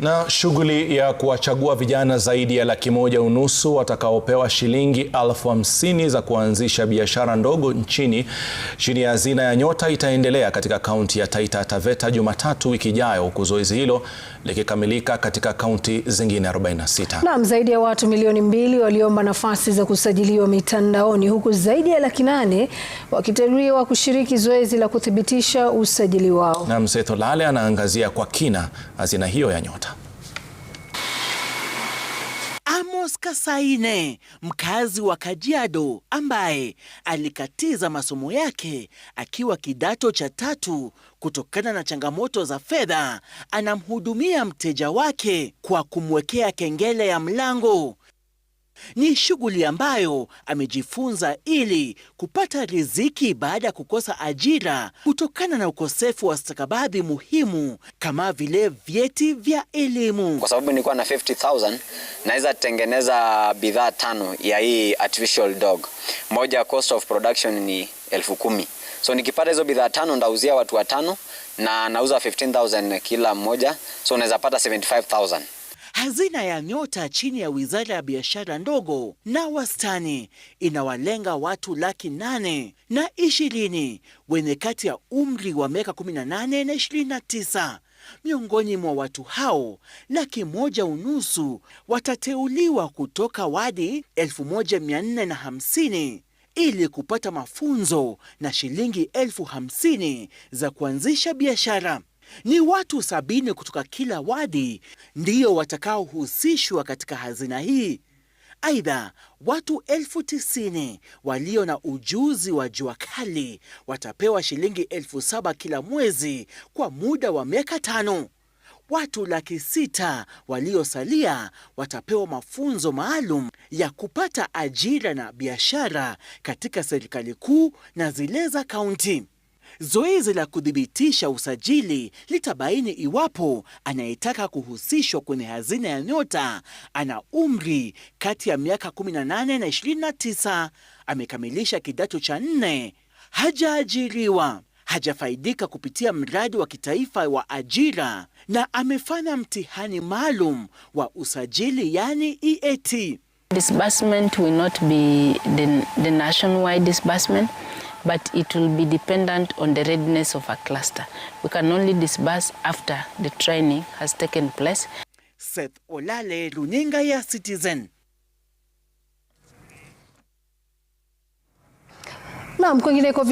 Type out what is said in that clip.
Na shughuli ya kuwachagua vijana zaidi ya laki moja unusu watakaopewa shilingi elfu hamsini za kuanzisha biashara ndogo nchini chini ya hazina ya Nyota itaendelea katika kaunti ya Taita Taveta Jumatatu wiki ijayo, huku zoezi hilo likikamilika katika kaunti zingine 46. Naam, zaidi ya watu milioni mbili waliomba nafasi za kusajiliwa mitandaoni, huku zaidi ya laki nane wakiteuliwa kushiriki zoezi la kuthibitisha usajili wao. Naam, Seth Lale anaangazia kwa kina hazina hiyo ya Nyota. Oscar Saine, mkazi wa Kajiado, ambaye alikatiza masomo yake akiwa kidato cha tatu kutokana na changamoto za fedha, anamhudumia mteja wake kwa kumwekea kengele ya mlango ni shughuli ambayo amejifunza ili kupata riziki baada ya kukosa ajira kutokana na ukosefu wa stakabadhi muhimu kama vile vyeti vya elimu. Kwa sababu nilikuwa na 50,000 naweza tengeneza bidhaa tano ya hii artificial dog. Moja cost of production ni elfu kumi. So nikipata hizo bidhaa tano ndauzia watu watano na nauza 15,000 kila mmoja, so naweza pata 75,000 hazina ya nyota chini ya wizara ya biashara ndogo na wastani inawalenga watu laki nane na ishirini wenye kati ya umri wa miaka 18 na 29. Miongoni mwa watu hao laki moja unusu watateuliwa kutoka wadi 1450 ili kupata mafunzo na shilingi elfu hamsini za kuanzisha biashara. Ni watu sabini kutoka kila wadi ndiyo watakaohusishwa katika hazina hii. Aidha, watu elfu tisini walio na ujuzi wa jua kali watapewa shilingi elfu saba kila mwezi kwa muda wa miaka tano. Watu laki sita waliosalia watapewa mafunzo maalum ya kupata ajira na biashara katika serikali kuu na zile za kaunti. Zoezi la kuthibitisha usajili litabaini iwapo anayetaka kuhusishwa kwenye hazina ya nyota ana umri kati ya miaka 18 na 29, amekamilisha kidato cha nne, hajaajiriwa, hajafaidika kupitia mradi wa kitaifa wa ajira na amefanya mtihani maalum wa usajili yani EAT. Disbursement will not be the, the nationwide disbursement but it will be dependent on the readiness of a cluster. We can only disburse after the training has taken place. Seth Olale, Runinga ya Citizen. Naam, kwingineko